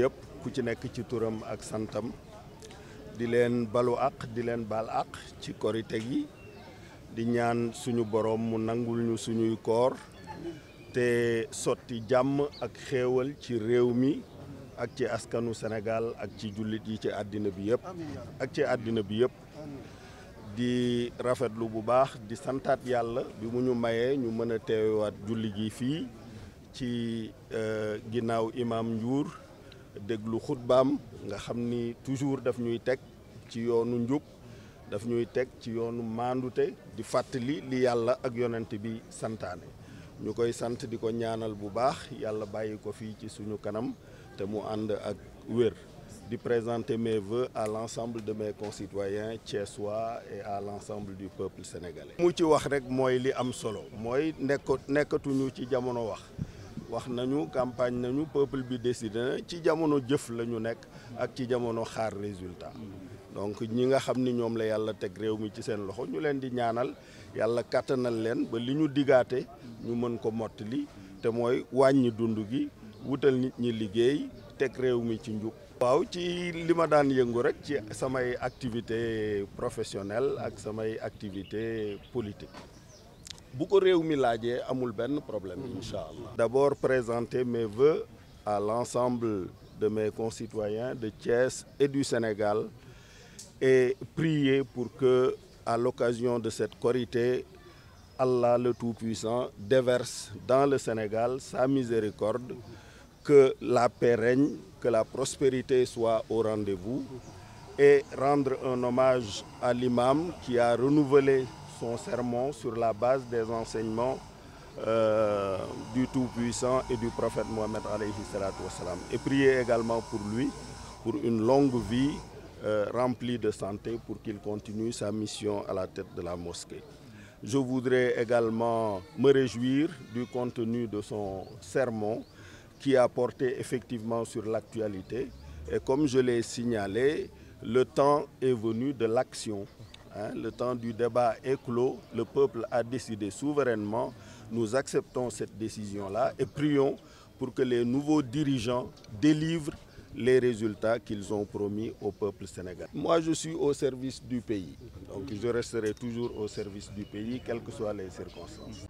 ñëpp ku ci nekk ci turam ak santam di leen balu àq di leen bal àq ci korite gi di ñaan suñu boroom mu nangul ñu suñuy koor te sotti jàmm ak xéewal ci réew mi ak ci askanu senegaal ak ci jullit yi ci àddina bi yëpp ak ci àddina bi yëpp di rafetlu bu baax di santaat yàlla bi mu ñu mayee ñu mën a teewaat jullit gi fii ci euh, ginnaaw imaam Ndiour déglu xutbaam nga xam ni toujours daf ñuy teg ci yoonu njub daf ñuy teg ci yoonu mandute di fàttali li yàlla ak yonent bi santaane ñu koy sant di ko ñaanal bu baax yàlla bàyyi ko fii ci suñu kanam te mu ànd ak wér di présenter mes vœux à l'ensemble de mes concitoyens thiessois et à l'ensemble du peuple sénégalais mu ci wax rek mooy li am solo mooy nekk nekkatuñu ci jamono wax wax nañu campagne nañu peuple bi décidé na ci jamono jëf la ñu nekk ak ci jamono xaar résultat donc ñi nga xam ni ñoom la yàlla teg réew mi ci seen loxo ñu leen di ñaanal yàlla kàttanal leen ba li ñu digaate ñu mën ko mottali te mooy wàññi dund gi wutal nit ñi liggéey teg réew mi ci njub waaw ci li ma daan yëngu rek ci samay activité professionnel ak samay activité politique Beaucoup problème d'abord présenter mes voeux à l'ensemble de mes concitoyens de Thiès et du Sénégal et prier pour que à l'occasion de cette corité, Allah le Tout-Puissant déverse dans le Sénégal sa miséricorde que la paix règne que la prospérité soit au rendez-vous et rendre un hommage à l'imam qui a renouvelé son sermon sur la base des enseignements euh, du Tout-Puissant et du prophète Mohammed Et prier également pour lui, pour une longue vie euh, remplie de santé, pour qu'il continue sa mission à la tête de la mosquée. Je voudrais également me réjouir du contenu de son sermon qui a porté effectivement sur l'actualité. Et comme je l'ai signalé, le temps est venu de l'action. Hein, le temps du débat est clos. Le peuple a décidé souverainement. Nous acceptons cette décision-là et prions pour que les nouveaux dirigeants délivrent les résultats qu'ils ont promis au peuple sénégalais. Moi, je suis au service du pays. Donc, je resterai toujours au service du pays, quelles que soient les circonstances.